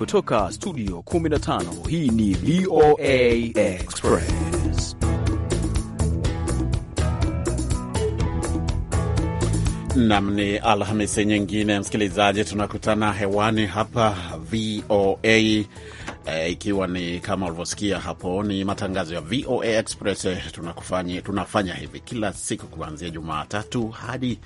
kutoka studio 15 hii ni VOA Express nam ni Alhamisi nyingine msikilizaji, tunakutana hewani hapa VOA E, ikiwa ni kama ulivyosikia hapo, ni matangazo ya VOA Express. E, tunakufanya, tunafanya hivi kila siku kuanzia tatu hadi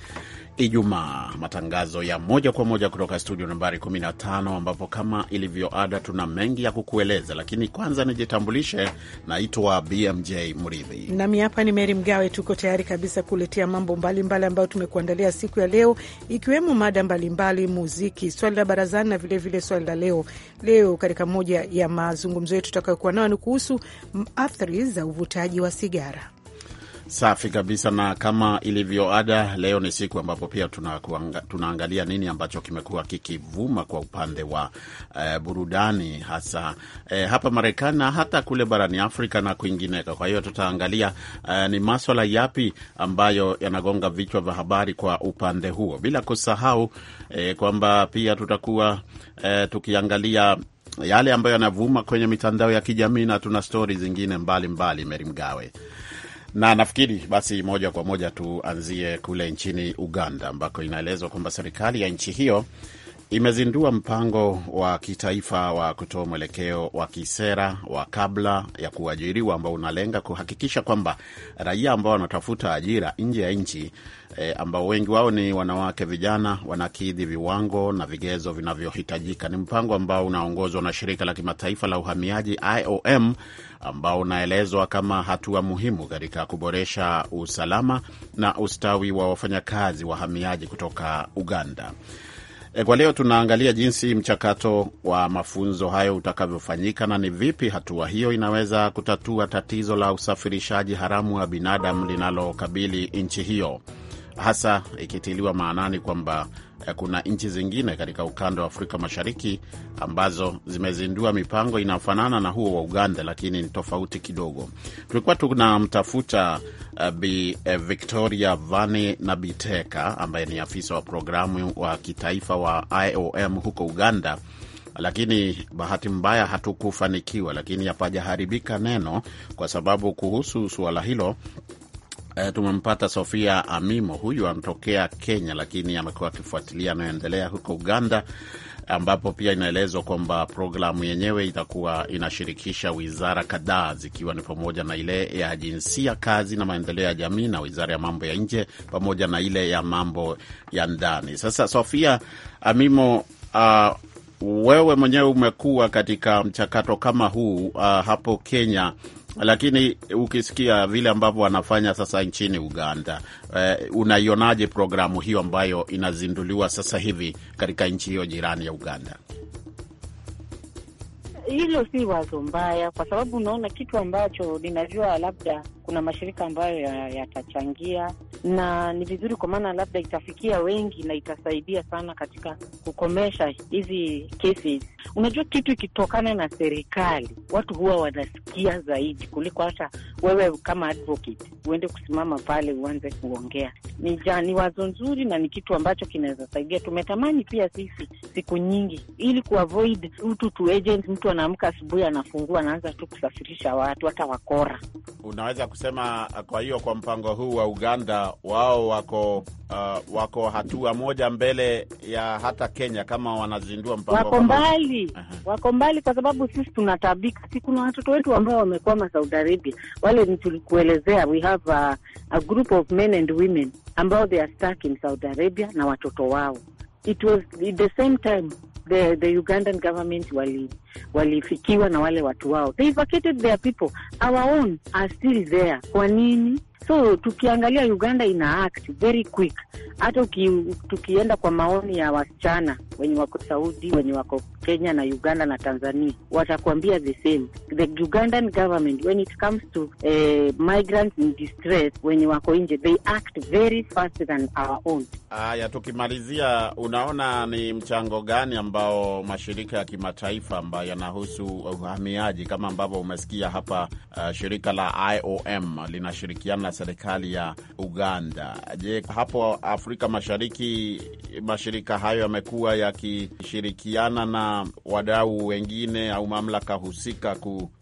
Ijumaa, matangazo ya moja kwa moja kutoka studio nambari 15, ambapo kama ilivyo ada tuna mengi ya kukueleza, lakini kwanza nijitambulishe. Naitwa BMJ Mridhi nami hapa ni Meri Mgawe. Tuko tayari kabisa kuletea mambo mbalimbali ambayo tumekuandalia siku ya leo, ikiwemo mada mbalimbali, muziki, swali la barazani na vilevile swali la leo. Leo katika moja ya mazungumzo yetu tutakayokuwa nayo ni kuhusu athari za uvutaji wa sigara. Safi kabisa, na kama ilivyo ada, leo ni siku ambapo pia tunaangalia nini ambacho kimekuwa kikivuma kwa upande wa eh, burudani hasa eh, hapa Marekani na hata kule barani Afrika na kwingineka. Kwa hiyo tutaangalia eh, ni maswala yapi ambayo yanagonga vichwa vya habari kwa upande huo, bila kusahau eh, kwamba pia tutakuwa eh, tukiangalia yale ambayo yanavuma kwenye mitandao ya kijamii na tuna stori zingine mbalimbali. Meri Mgawe na nafikiri basi moja kwa moja tuanzie kule nchini Uganda ambako inaelezwa kwamba serikali ya nchi hiyo imezindua mpango wa kitaifa wa kutoa mwelekeo wa kisera wa kabla ya kuajiriwa ambao unalenga kuhakikisha kwamba raia ambao wanatafuta ajira nje ya nchi e, ambao wengi wao ni wanawake vijana wanakidhi viwango na vigezo vinavyohitajika. Ni mpango ambao unaongozwa na shirika la kimataifa la uhamiaji IOM ambao unaelezwa kama hatua muhimu katika kuboresha usalama na ustawi wa wafanyakazi wahamiaji kutoka Uganda. E, kwa leo tunaangalia jinsi mchakato wa mafunzo hayo utakavyofanyika na ni vipi hatua hiyo inaweza kutatua tatizo la usafirishaji haramu wa binadamu linalokabili nchi hiyo, hasa ikitiliwa maanani kwamba Eh, kuna nchi zingine katika ukanda wa Afrika Mashariki ambazo zimezindua mipango inayofanana na huo wa Uganda, lakini ni tofauti kidogo. Tulikuwa tunamtafuta uh, Bi eh, Victoria Vani Nabiteka ambaye ni afisa wa programu wa kitaifa wa IOM huko Uganda, lakini bahati mbaya hatukufanikiwa, lakini hapajaharibika neno, kwa sababu kuhusu suala hilo E, tumempata Sofia Amimo, huyu anatokea Kenya, lakini amekuwa akifuatilia anayoendelea huko Uganda, ambapo pia inaelezwa kwamba programu yenyewe itakuwa inashirikisha wizara kadhaa zikiwa ni pamoja na ile ya jinsia, kazi na maendeleo ya jamii na wizara ya mambo ya nje pamoja na ile ya mambo ya ndani. Sasa Sofia Amimo, uh, wewe mwenyewe umekuwa katika mchakato kama huu uh, hapo Kenya lakini ukisikia vile ambavyo wanafanya sasa nchini Uganda, eh, unaionaje programu hiyo ambayo inazinduliwa sasa hivi katika nchi hiyo jirani ya Uganda? Hilo si wazo mbaya, kwa sababu unaona kitu ambacho ninajua labda kuna mashirika ambayo yatachangia ya na ni vizuri, kwa maana labda itafikia wengi na itasaidia sana katika kukomesha hizi kesi. Unajua, kitu ikitokana na serikali watu huwa wanasikia zaidi kuliko hata wewe kama advocate uende kusimama pale uanze kuongea. Ni, ja, ni wazo nzuri na ni kitu ambacho kinaweza saidia. Tumetamani pia sisi siku nyingi, ili kuavoid utu tu agent, mtu anaamka asubuhi anafungua anaanza tu kusafirisha watu hata wakora, unaweza kusema kwa hiyo, kwa mpango huu wa Uganda wao wako uh, wako hatua moja mbele ya hata Kenya kama wanazindua mpango wako mbali uh -huh. Wako mbali kwa sababu sisi tunatabika, si kuna watoto wetu ambao wamekwama Saudi Arabia, wale ni tulikuelezea, we have a, a group of men and women ambao they are stuck in Saudi Arabia na watoto wao. It was the same time the, the Ugandan government walifikiwa na wale watu wao, they vacated their people, our own are still there. Kwa nini So tukiangalia Uganda ina act very quick. Hata tukienda kwa maoni ya wasichana wenye wako Saudi, wenye wako Kenya na Uganda na Tanzania, watakuambia the same. The Ugandan government when it comes to eh, migrants in distress wenye wako nje, they act very fast than our own. Haya, tukimalizia, unaona ni mchango gani ambao mashirika ya kimataifa ambayo yanahusu uhamiaji kama ambavyo umesikia hapa, uh, shirika la IOM linashirikiana serikali ya Uganda. Je, hapo Afrika Mashariki mashirika hayo yamekuwa yakishirikiana na wadau wengine au mamlaka husika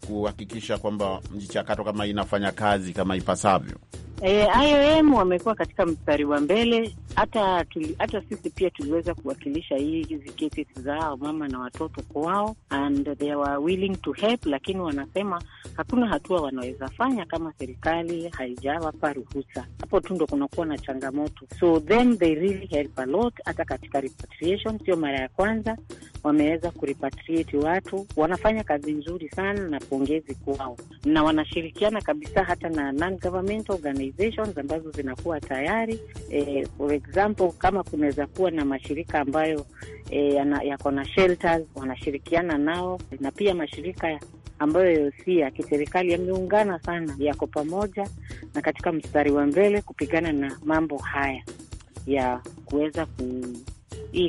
kuhakikisha kwamba mchakato kama inafanya kazi kama ipasavyo? E, eh, IOM wamekuwa katika mstari wa mbele. Hata tuli, hata sisi pia tuliweza kuwakilisha hizi cases zao mama na watoto kwao, and they were willing to help, lakini wanasema hakuna hatua wanaweza fanya kama serikali haijawapa ruhusa. Hapo tu ndo kunakuwa na changamoto, so then they really help a lot. Hata katika repatriation, sio mara ya kwanza wameweza kuripatrieti watu, wanafanya kazi nzuri sana na pongezi kwao, na wanashirikiana kabisa hata na non government organizations ambazo zinakuwa tayari eh, for example kama kunaweza kuwa na mashirika ambayo eh, yako na shelters wanashirikiana nao, na pia mashirika ambayo si ya kiserikali yameungana sana, yako pamoja na katika mstari wa mbele kupigana na mambo haya ya kuweza ku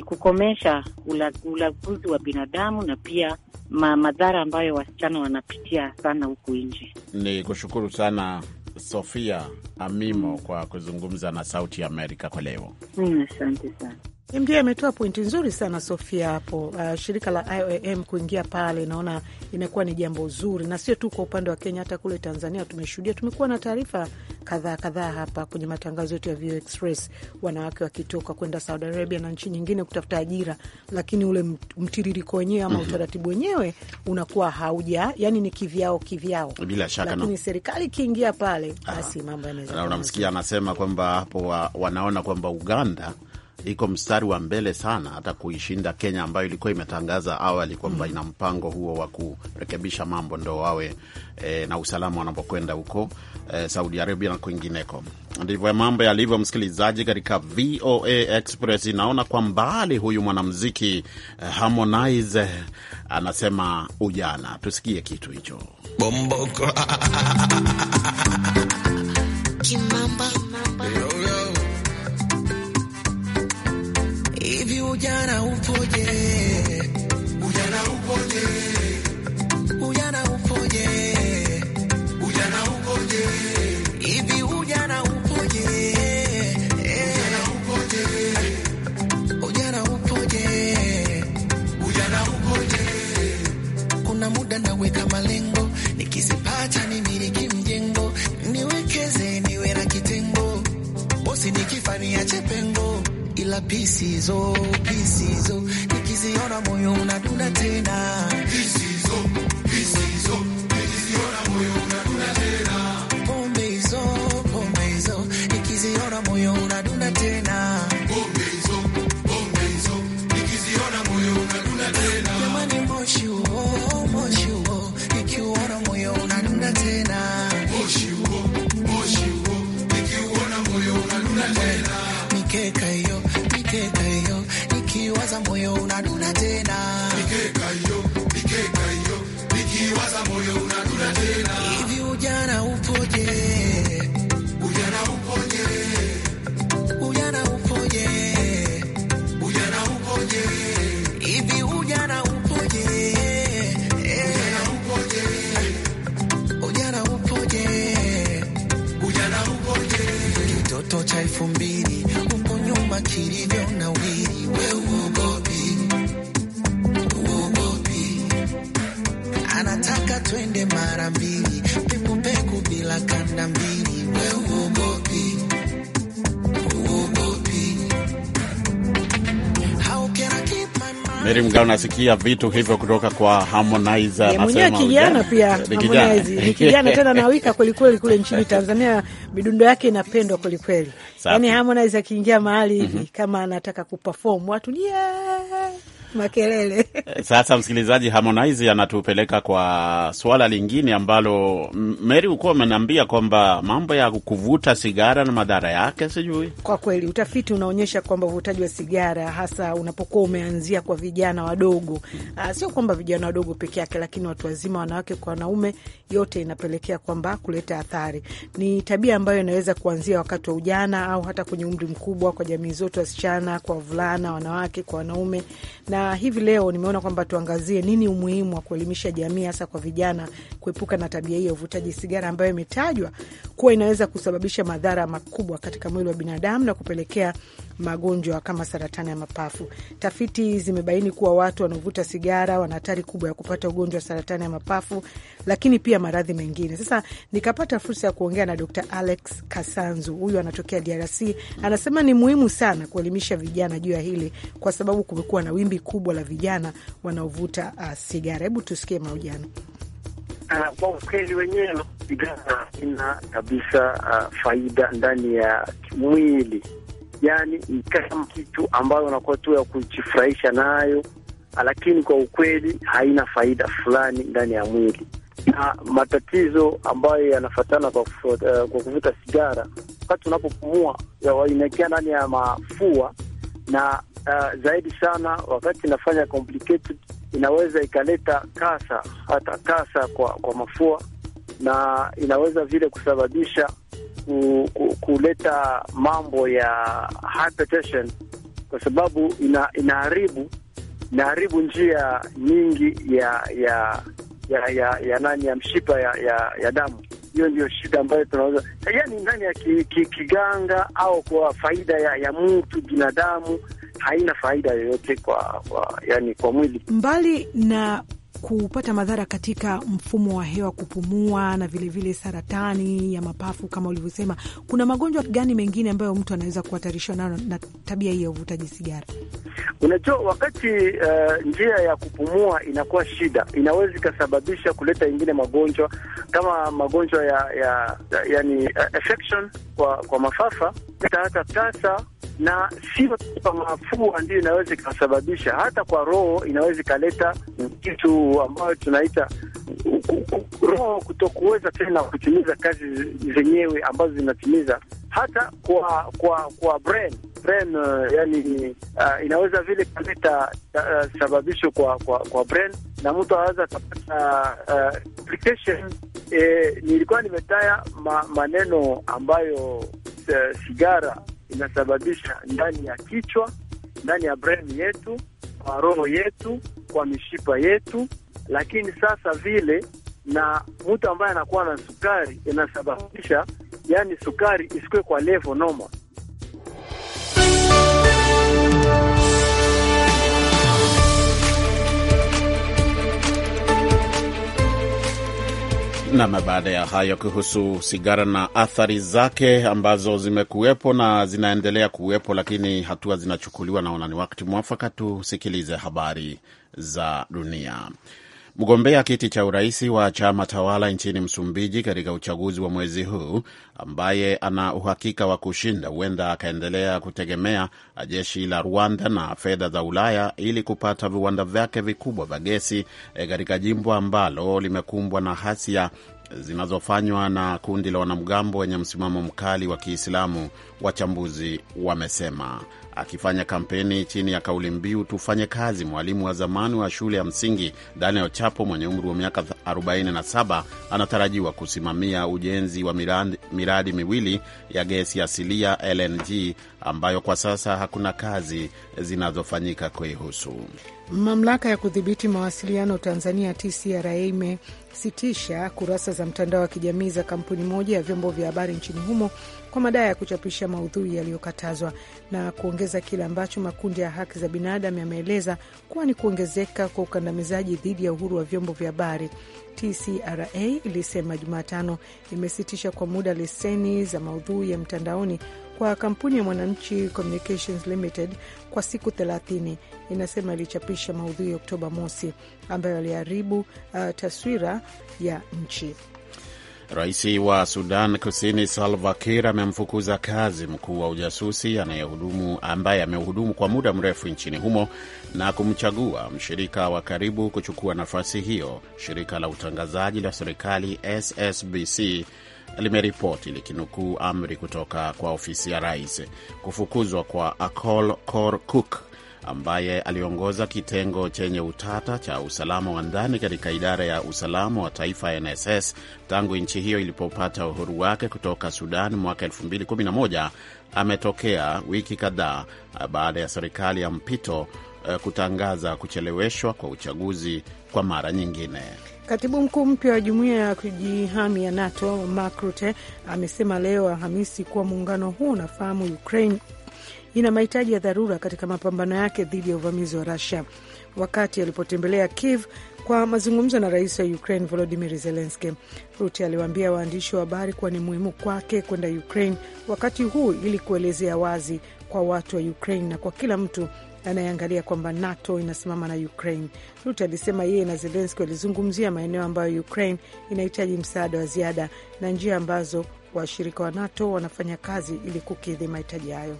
kukomesha ulaguzi wa binadamu na pia ma madhara ambayo wasichana wanapitia sana huku nje. Ni kushukuru sana Sofia Amimo kwa kuzungumza na Sauti ya Amerika kwa leo. Asante sana. MD ametoa pointi nzuri sana Sofia hapo. Uh, shirika la IOM kuingia pale, naona imekuwa ni jambo zuri, na sio tu kwa upande wa Kenya, hata kule Tanzania tumeshuhudia. Tumekuwa na taarifa kadhaa kadhaa hapa kwenye matangazo yetu ya VOA Express, wanawake wakitoka kwenda Saudi Arabia na nchi nyingine kutafuta ajira, lakini ule mtiririko wenyewe ama mhm. utaratibu wenyewe unakuwa hauja, yani ni kivyao kivyao, bila shaka, lakini no. serikali ikiingia pale, basi mambo yanaweza. Unamsikia anasema kwamba hapo wa, wanaona kwamba Uganda iko mstari wa mbele sana hata kuishinda Kenya ambayo ilikuwa imetangaza awali kwamba mm, ina mpango huo wa kurekebisha mambo ndo wawe e, na usalama wanapokwenda huko e, Saudi Arabia na kwingineko. Ndivyo mambo yalivyo, msikilizaji, katika VOA Express. Inaona kwa mbali huyu mwanamuziki eh, Harmonize eh, anasema ujana. Tusikie kitu hicho Bomboko. Hivi ujana upoje? Ujana upoje? Ujana upoje? Ujana upoje? season. Meri Mgao, nasikia vitu hivyo kutoka kwa Harmonize mwenyewe, kijana pia ni kijana tena nawika kwelikweli kule nchini Tanzania, midundo yake inapendwa kwelikweli. Yani Harmonize akiingia mahali hivi mm -hmm. kama anataka kuperform watu yeah makelele. Sasa msikilizaji, Harmonize anatupeleka kwa suala lingine ambalo Mary ukuwa umeniambia kwamba mambo ya kuvuta sigara na madhara yake. Sijui kwa kweli, utafiti unaonyesha kwamba uvutaji wa sigara hasa unapokuwa umeanzia kwa vijana wadogo, ah, sio kwamba vijana wadogo peke yake, lakini watu wazima, wanawake kwa wanaume, yote inapelekea kwamba kuleta athari. Ni tabia ambayo inaweza kuanzia wakati wa ujana au hata kwenye umri mkubwa, kwa jamii zote, wasichana kwa wavulana, wanawake kwa wanaume na hivi leo nimeona kwamba tuangazie nini umuhimu wa kuelimisha jamii hasa kwa vijana kuepuka na tabia hii ya uvutaji sigara ambayo imetajwa kuwa inaweza kusababisha madhara makubwa katika mwili wa binadamu na kupelekea magonjwa kama saratani ya mapafu. Tafiti zimebaini kuwa watu wanaovuta sigara wana hatari kubwa ya kupata ugonjwa wa saratani ya mapafu, lakini pia maradhi mengine. Sasa nikapata fursa ya kuongea na Dr Alex Kasanzu, huyu anatokea DRC. Anasema ni muhimu sana kuelimisha vijana juu ya hili, kwa sababu kumekuwa na wimbi kubwa la vijana wanaovuta uh, sigara. Hebu tusikie mahojiano. Ah, kwa ukweli wenyewe sigara haina kabisa uh, faida ndani ya mwili, yani ni kama kitu ambayo unakuwa tu ya kujifurahisha nayo, lakini kwa ukweli haina faida fulani ndani ya mwili, na matatizo ambayo yanafatana kwa, uh, kwa kuvuta sigara, wakati unapopumua inaingia ndani ya mafua na uh, zaidi sana wakati inafanya complicated inaweza ikaleta kasa hata kasa kwa, kwa mafua na inaweza vile kusababisha ku, ku, kuleta mambo ya hypertension kwa sababu ina, inaharibu inaharibu njia nyingi ya ya ya ya, ya nani ya mshipa ya ya, ya damu. Hiyo ndio shida ambayo tunaweza yaani, ndani ya ki, ki, kiganga au kwa faida ya, ya mtu binadamu haina faida yoyote kwa, kwa yani kwa mwili. Mbali na kupata madhara katika mfumo wa hewa, kupumua na vilevile vile saratani ya mapafu kama ulivyosema. Kuna magonjwa gani mengine ambayo mtu anaweza kuhatarishwa nayo na tabia hii ya uvutaji sigara? Unajua, wakati uh, njia ya kupumua inakuwa shida, inaweza ikasababisha kuleta ingine magonjwa kama magonjwa ya, ya, ya yani, uh, kwa, kwa mafafa hata tasa na sio kwa mafua ndio inaweza ikasababisha, hata kwa roho inaweza ikaleta kitu ambayo tunaita roho kutokuweza tena kutimiza kazi zenyewe ambazo zinatimiza, hata kwa kwa kwa brain brain, uh, yani uh, inaweza vile kaleta uh, sababisho kwa kwa kwa brain, na mtu anaweza akapata uh, Eh, nilikuwa nimetaya ma, maneno ambayo uh, sigara inasababisha ndani ya kichwa, ndani ya brain yetu, kwa roho yetu, kwa mishipa yetu, lakini sasa vile na mtu ambaye anakuwa na sukari inasababisha yani sukari isikuwe kwa level noma. Nam, baada ya hayo kuhusu sigara na athari zake ambazo zimekuwepo na zinaendelea kuwepo, lakini hatua zinachukuliwa, naona ni wakati mwafaka tusikilize habari za dunia. Mgombea kiti cha urais wa chama tawala nchini Msumbiji katika uchaguzi wa mwezi huu ambaye ana uhakika wa kushinda huenda akaendelea kutegemea jeshi la Rwanda na fedha za Ulaya ili kupata viwanda vyake vikubwa vya gesi eh, katika jimbo ambalo limekumbwa na hasia zinazofanywa na kundi la wanamgambo wenye msimamo mkali wa Kiislamu, wachambuzi wamesema. Akifanya kampeni chini ya kauli mbiu tufanye kazi, mwalimu wa zamani wa shule ya msingi Daniel Chapo mwenye umri wa miaka 47 anatarajiwa kusimamia ujenzi wa miradi, miradi miwili ya gesi asilia LNG ambayo kwa sasa hakuna kazi zinazofanyika kuihusu. Mamlaka ya kudhibiti mawasiliano Tanzania TCRA imesitisha kurasa za mtandao wa kijamii za kampuni moja ya vyombo vya habari nchini humo kwa madai ya kuchapisha maudhui yaliyokatazwa na kuongeza kile ambacho makundi ya haki za binadamu yameeleza kuwa ni kuongezeka kwa ukandamizaji dhidi ya uhuru wa vyombo vya habari. TCRA ilisema Jumatano imesitisha kwa muda leseni za maudhui ya mtandaoni kwa kampuni ya Mwananchi Communications Limited kwa siku 30. Inasema ilichapisha maudhui ya Oktoba mosi ambayo aliharibu uh, taswira ya nchi. Rais wa Sudan Kusini Salva Kiir amemfukuza kazi mkuu wa ujasusi anayehudumu ambaye amehudumu kwa muda mrefu nchini humo na kumchagua mshirika wa karibu kuchukua nafasi hiyo. Shirika la utangazaji la serikali SSBC limeripoti likinukuu amri kutoka kwa ofisi ya rais kufukuzwa kwa Akol Kor Cook ambaye aliongoza kitengo chenye utata cha usalama wa ndani katika idara ya usalama wa taifa NSS tangu nchi hiyo ilipopata uhuru wake kutoka Sudan mwaka 2011 ametokea wiki kadhaa baada ya serikali ya mpito eh, kutangaza kucheleweshwa kwa uchaguzi kwa mara nyingine. Katibu mkuu mpya wa jumuiya ya kujihami ya NATO Mark Rutte amesema leo Alhamisi kuwa muungano huo unafahamu Ukraine ina mahitaji ya dharura katika mapambano yake dhidi ya uvamizi wa Rusia, wakati alipotembelea Kiev kwa mazungumzo na rais wa Ukraine Volodimir Zelenski. Rutte aliwaambia waandishi wa habari kuwa ni muhimu kwake kwenda Ukraine wakati huu ili kuelezea wazi kwa watu wa Ukraine na kwa kila mtu anayeangalia kwamba NATO inasimama na Ukraine. rut alisema yeye na Zelenski walizungumzia maeneo ambayo Ukraine inahitaji msaada wa ziada na njia ambazo washirika wa NATO wanafanya kazi ili kukidhi mahitaji hayo.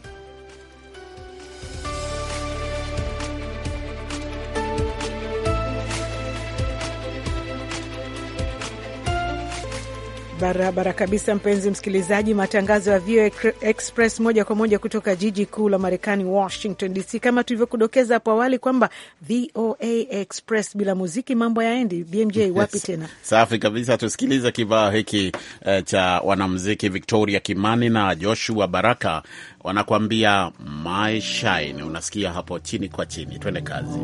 Barabara kabisa, mpenzi msikilizaji, matangazo ya VOA Express moja kwa moja kutoka jiji kuu la Marekani, Washington DC. Kama tulivyokudokeza hapo awali kwamba VOA Express bila muziki mambo yaendi. BMJ wapi tena? safi kabisa. Tusikilize kibao hiki eh, cha wanamuziki Victoria Kimani na Joshua Baraka, wanakuambia my shine. Unasikia hapo chini kwa chini, twende kazi.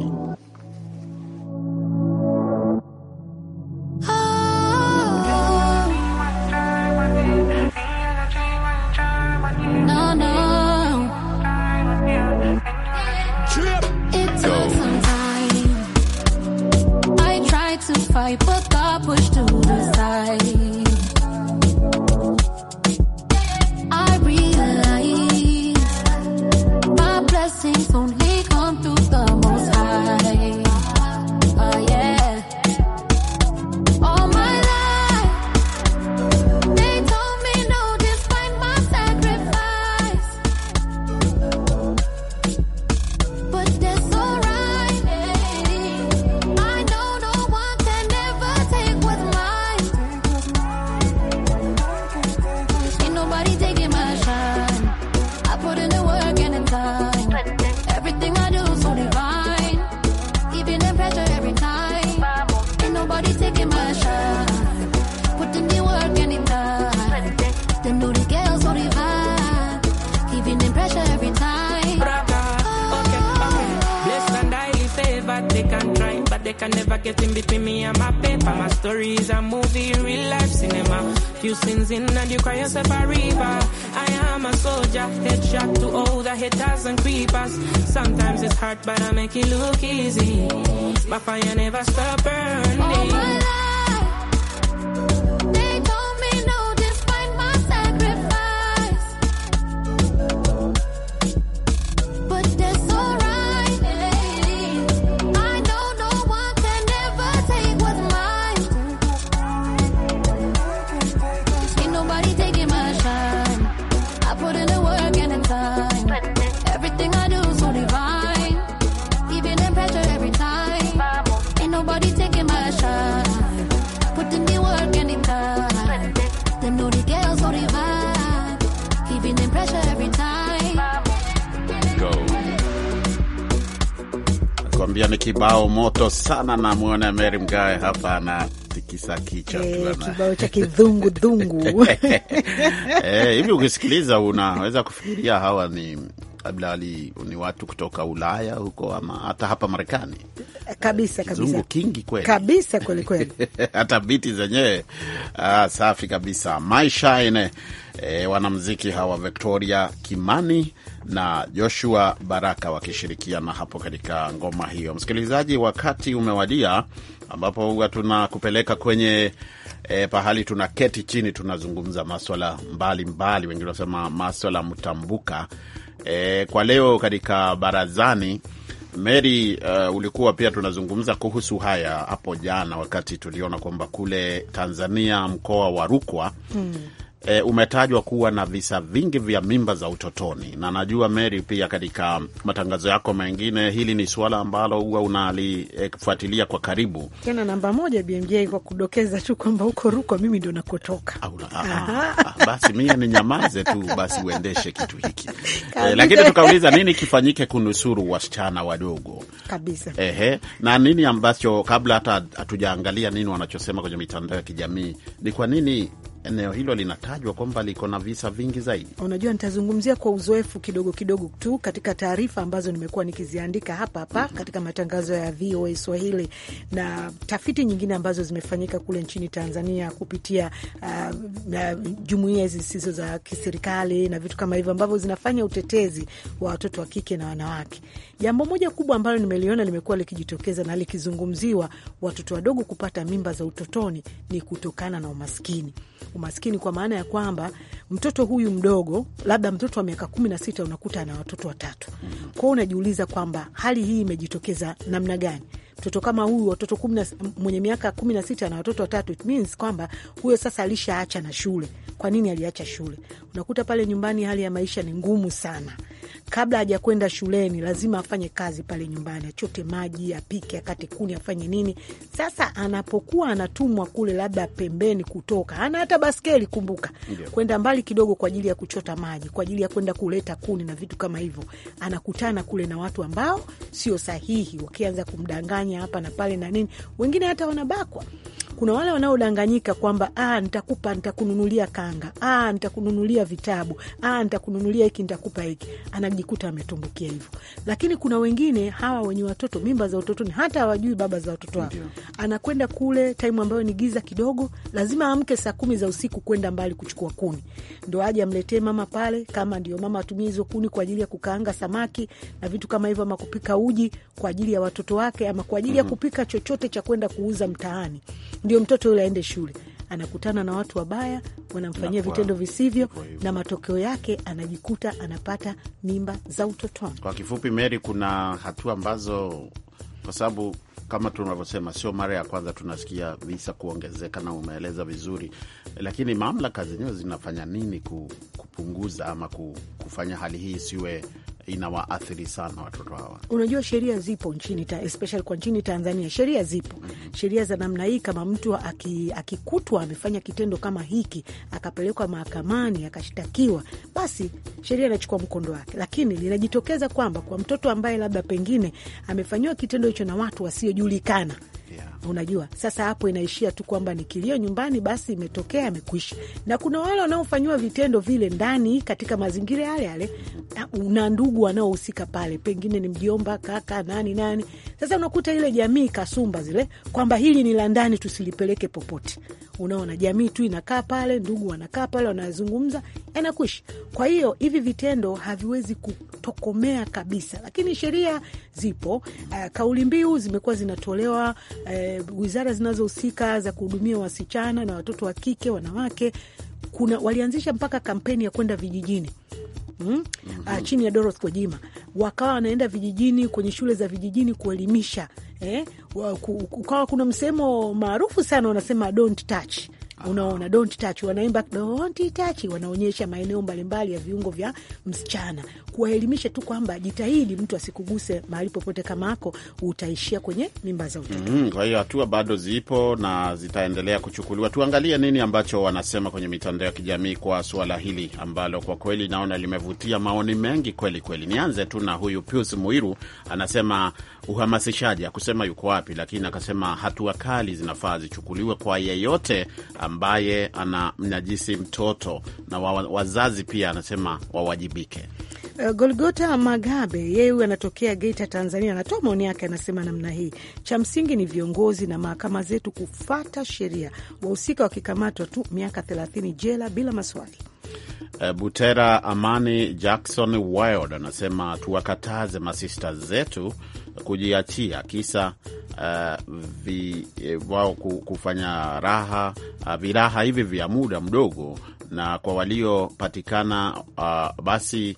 can never get in between me and my paper. My story is a movie, real life cinema. Few sins in and you cry yourself a river. I am a soldier, headshot to all the haters and creepers. Sometimes it's hard, but I make it look easy. My fire never stop burning. kibao moto sana, namwona Meri Mgawe hapa na tikisa kichwa hey, eh, kibao cha kidhungu dhungu hey, eh, hivi ukisikiliza unaweza kufikiria hawa ni labda ni watu kutoka Ulaya huko ama hata hapa Marekani kabisa, eh, kizungu kingi kweli kabisa, kweli kweli hata biti zenyewe ah, safi kabisa. My Shine eh, wanamziki hawa Victoria Kimani na Joshua Baraka wakishirikiana hapo katika ngoma hiyo. Msikilizaji, wakati umewadia ambapo huwa tunakupeleka kwenye e, pahali tunaketi chini tunazungumza maswala mbalimbali, wengine wanasema maswala mtambuka. E, kwa leo katika barazani Mary, uh, ulikuwa pia tunazungumza kuhusu haya hapo jana, wakati tuliona kwamba kule Tanzania mkoa wa Rukwa hmm e, umetajwa kuwa na visa vingi vya mimba za utotoni, na najua Mary pia katika matangazo yako mengine, hili ni suala ambalo huwa unalifuatilia e, kwa karibu. Tena namba moja BMJ, kwa kudokeza tu kwamba huko Ruko mimi ndo nakotoka. Ah, ah, ah, basi mie ni nyamaze tu basi, uendeshe kitu hiki e, lakini tukauliza nini kifanyike kunusuru wasichana wadogo kabisa. Ehe, na nini ambacho kabla hata hatujaangalia nini wanachosema kwenye mitandao ya kijamii, ni kwa nini eneo hilo linatajwa kwamba liko na visa vingi zaidi. Unajua, nitazungumzia kwa uzoefu kidogo kidogo tu katika taarifa ambazo nimekuwa nikiziandika hapa hapa mm -hmm. katika matangazo ya VOA Swahili na tafiti nyingine ambazo zimefanyika kule nchini Tanzania kupitia uh, uh, jumuia hizi zisizo za kiserikali na vitu kama hivyo ambavyo zinafanya utetezi wa watoto wa kike na wanawake. Jambo moja kubwa ambalo nimeliona limekuwa likijitokeza na likizungumziwa, watoto wadogo kupata mimba za utotoni ni kutokana na umaskini umaskini kwa maana ya kwamba mtoto huyu mdogo, labda mtoto wa miaka kumi na sita, unakuta ana watoto watatu. Kwao unajiuliza kwamba hali hii imejitokeza namna gani? Mtoto kama huyu watoto kumina, mwenye miaka kumi na sita na watoto watatu, it means kwamba huyo sasa alishaacha na shule. Kwa nini aliacha shule? Unakuta pale nyumbani hali ya maisha ni ngumu sana kabla hajakwenda shuleni lazima afanye kazi pale nyumbani, achote maji, apike, akate kuni, afanye nini. Sasa anapokuwa anatumwa kule labda pembeni, kutoka ana hata baskeli, kumbuka kwenda mbali kidogo kwa ajili ya kuchota maji, kwa ajili ya kwenda kuleta kuni na vitu kama hivyo, anakutana kule na watu ambao sio sahihi, wakianza kumdanganya hapa na pale na nini, wengine hata wanabakwa kuna wale wanaodanganyika kwamba ah, ntakupa ntakununulia kanga ah, ntakununulia vitabu ah, ntakununulia hiki ntakupa hiki, anajikuta ametumbukia hivyo. Lakini kuna wengine hawa wenye watoto mimba za utotoni, hata hawajui baba za watoto wao, anakwenda kule taimu ambayo ni giza kidogo, lazima amke saa kumi za usiku kwenda mbali kuchukua kuni, ndo aje amletee mama pale, kama ndio mama atumie hizo kuni kwa ajili ya kukaanga samaki na vitu kama hivyo, ama kupika uji kwa ajili ya watoto wake, ama kwa ajili ya mhm. kupika chochote cha kwenda kuuza mtaani ndio mtoto yule aende shule, anakutana na watu wabaya wanamfanyia vitendo visivyo, na matokeo yake anajikuta anapata mimba za utotoni. Kwa kifupi, Mary, kuna hatua ambazo kwa sababu kama tunavyosema sio mara ya kwanza tunasikia visa kuongezeka, na umeeleza vizuri, lakini mamlaka zenyewe zinafanya nini kupunguza ama kufanya hali hii isiwe inawaathiri sana watoto hawa. Unajua sheria zipo nchini ta, especially kwa nchini Tanzania sheria zipo mm -hmm. sheria za namna hii, kama mtu akikutwa aki amefanya kitendo kama hiki akapelekwa mahakamani akashtakiwa, basi sheria inachukua mkondo wake, lakini linajitokeza kwamba kwa mtoto ambaye labda pengine amefanyiwa kitendo hicho na watu wasiojulikana yeah. Unajua, sasa hapo inaishia tu kwamba ni kilio nyumbani, basi imetokea, amekuisha. Na kuna wale wanaofanyiwa vitendo vile ndani katika mazingira yale yale na ndugu wanaohusika pale, pengine ni mjomba, kaka, nani nani. Sasa unakuta ile jamii kasumba zile kwamba hili ni la ndani, tusilipeleke popote. Unaona, jamii tu inakaa pale, ndugu wanakaa pale, wanazungumza, yanakuisha. Kwa hiyo hivi vitendo haviwezi kutokomea kabisa, lakini sheria zipo. Uh, kauli mbiu zimekuwa zinatolewa eh, wizara zinazohusika za kuhudumia wasichana na watoto wa kike, wanawake, kuna walianzisha mpaka kampeni ya kwenda vijijini Mm -hmm. Uh, chini ya Dorothy Gwajima wakawa wanaenda vijijini kwenye shule za vijijini kuelimisha eh? Ukawa kuna msemo maarufu sana wanasema don't touch Unaona, don't touch, wanaimba don't touch, wanaonyesha maeneo mbalimbali ya viungo vya msichana kuwaelimisha tu kwamba jitahidi mtu asikuguse mahali popote, kama ako utaishia kwenye mimba za utoto. Mm, kwa hiyo hatua bado zipo na zitaendelea kuchukuliwa. Tuangalie nini ambacho wanasema kwenye mitandao ya kijamii kwa suala hili ambalo kwa kweli naona limevutia maoni mengi kweli kweli. Nianze tu na huyu Pius Muiru, anasema uhamasishaji, akusema yuko wapi, lakini akasema hatua kali zinafaa zichukuliwe kwa yeyote ambaye ana mnajisi mtoto na wazazi pia anasema wawajibike. Eh, Golgota Magabe, yeye huyu anatokea Geita, Tanzania, anatoa maoni yake, anasema namna hii: cha msingi ni viongozi na mahakama zetu kufata sheria, wahusika wakikamatwa tu miaka thelathini jela bila maswali. Eh, Butera Amani Jackson Wild anasema tuwakataze masista zetu kujiachia kisa uh, vi, wao kufanya raha uh, viraha hivi vya muda mdogo, na kwa waliopatikana uh, basi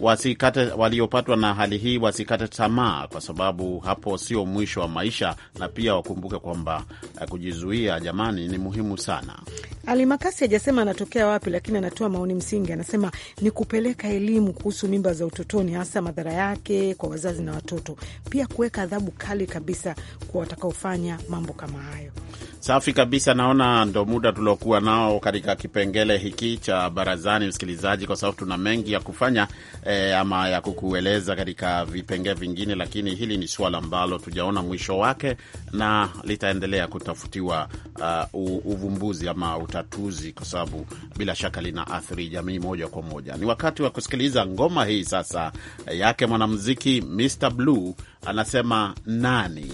wasikate waliopatwa na hali hii wasikate tamaa, kwa sababu hapo sio mwisho wa maisha, na pia wakumbuke kwamba eh, kujizuia, jamani, ni muhimu sana. Ali Makasi hajasema anatokea wapi, lakini anatoa maoni msingi. Anasema ni kupeleka elimu kuhusu mimba za utotoni, hasa madhara yake kwa wazazi na watoto, pia kuweka adhabu kali kabisa kwa watakaofanya mambo kama hayo. Safi kabisa, naona ndo muda tuliokuwa nao katika kipengele hiki cha barazani, msikilizaji, kwa sababu tuna mengi ya kufanya e, ama ya kukueleza katika vipengee vingine, lakini hili ni suala ambalo tujaona mwisho wake na litaendelea kutafutiwa uh, uvumbuzi ama utatuzi, kwa sababu bila shaka lina athiri jamii moja kwa moja. Ni wakati wa kusikiliza ngoma hii sasa yake mwanamuziki Mr Blue anasema nani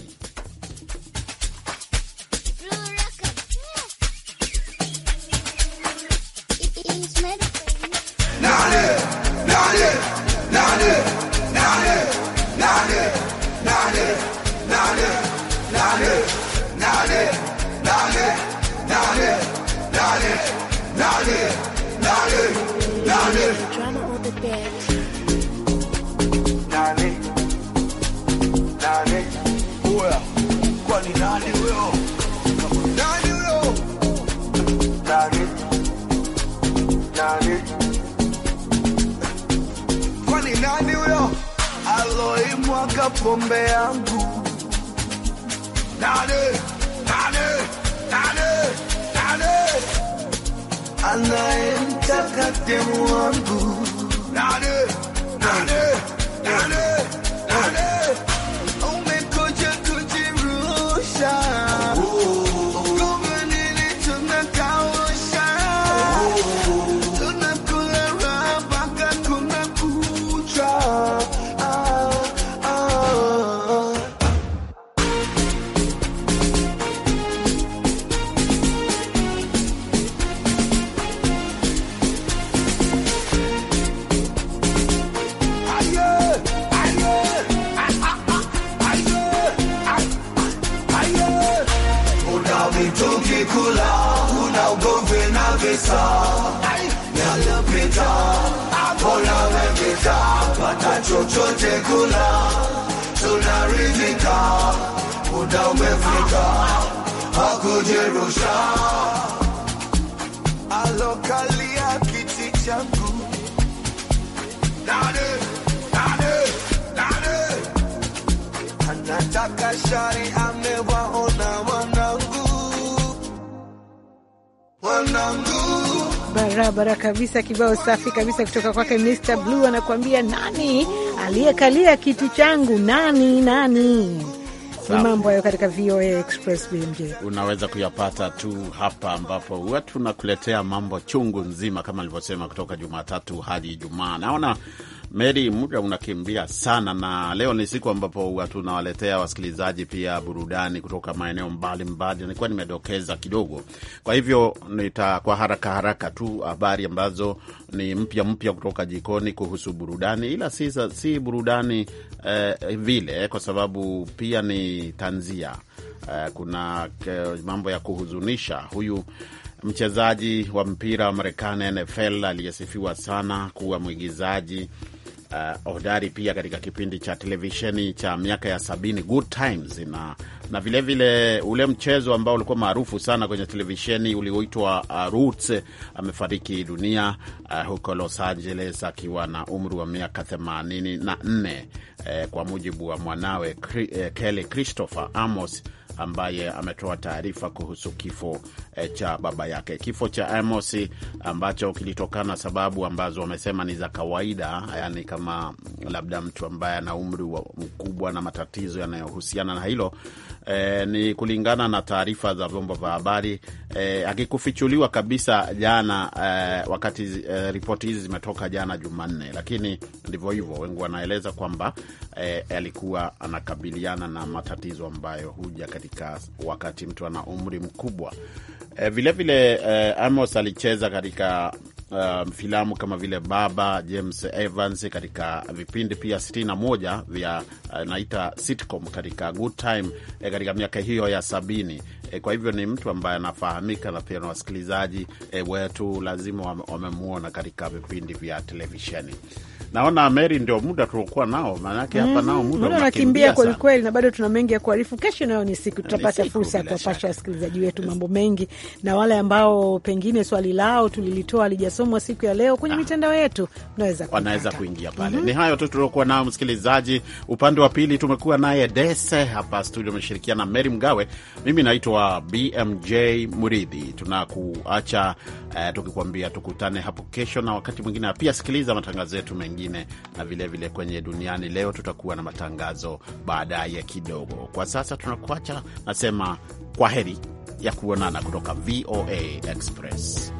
Kwani nani huyo aloimwaga pombe yangu? Nani? anayemtaka wangu nani, nani, nani, nani, umekuja kujirusha vita, mbona mepita, pata chochote kula, tunaridhika, muda umefika, hakujirusha alokalia kiti changu anataka shari amewaona barabara kabisa, kibao safi kabisa kutoka kwake Mr Blue anakuambia nani aliyekalia kiti changu, nani nani ni mambo hayo katika VOA Express BMJ. Unaweza kuyapata tu hapa ambapo huwa tunakuletea mambo chungu nzima kama livyosema kutoka Jumatatu hadi Ijumaa. Naona Meri, muda unakimbia sana, na leo ni siku ambapo huwa tunawaletea wasikilizaji pia burudani kutoka maeneo mbalimbali. Nilikuwa nimedokeza kidogo, kwa hivyo nita kwa haraka haraka tu habari ambazo ni mpya mpya kutoka jikoni kuhusu burudani, ila si, si burudani eh, vile kwa sababu pia ni tanzia. Uh, eh, kuna eh, mambo ya kuhuzunisha. Huyu mchezaji wa mpira wa Marekani NFL aliyesifiwa sana kuwa mwigizaji eh, hodari uh, pia katika kipindi cha televisheni cha miaka ya sabini Good Times na na vilevile vile ule mchezo ambao ulikuwa maarufu sana kwenye televisheni ulioitwa uh, Roots. Amefariki dunia uh, huko Los Angeles akiwa na umri wa miaka 84 eh, kwa mujibu wa mwanawe Kri, eh, Kelly Christopher Amos ambaye ametoa taarifa kuhusu kifo e, cha baba yake. Kifo cha Amos ambacho kilitokana sababu ambazo wamesema ni za kawaida, yani kama labda mtu ambaye ana umri mkubwa na matatizo yanayohusiana na hilo e, ni kulingana na taarifa za vyombo vya habari e, akikufichuliwa kabisa jana e, wakati e, ripoti hizi zimetoka jana Jumanne, lakini ndivyo hivyo, wengi wanaeleza kwamba e, alikuwa anakabiliana na matatizo ambayo huja katika wakati mtu ana umri mkubwa vilevile. E, vile, e, Amos alicheza katika uh, filamu kama vile Baba James Evans katika vipindi pia 61 vya uh, naita sitcom katika Good Time eh, katika miaka hiyo ya sabini. Eh, kwa hivyo ni mtu ambaye anafahamika na pia na wasikilizaji eh, wetu lazima wamemwona katika vipindi vya televisheni. Naona Meri, ndio muda tuliokuwa nao, maanake hapa nao muda unakimbia kweli kweli, na bado tuna mengi ya kuarifu. Kesho nayo ni siku tutapata fursa ya kuwapasha wasikilizaji wetu mambo mengi, na wale ambao pengine swali lao tulilitoa alijasomwa siku ya leo kwenye ah. mitandao yetu, wanaweza kuingia pale. mm -hmm. Ni hayo tu tuliokuwa nao msikilizaji. Upande wa pili tumekuwa naye Dese hapa studio, ameshirikiana na Meri Mgawe. Mimi naitwa BMJ Muridhi. Tunakuacha eh, tukikuambia tukutane hapo kesho na wakati mwingine, pia sikiliza matangazo yetu mengi mengine, na vilevile vile kwenye duniani leo tutakuwa na matangazo baadaye kidogo. Kwa sasa tunakuacha, nasema kwa heri ya kuonana kutoka VOA Express.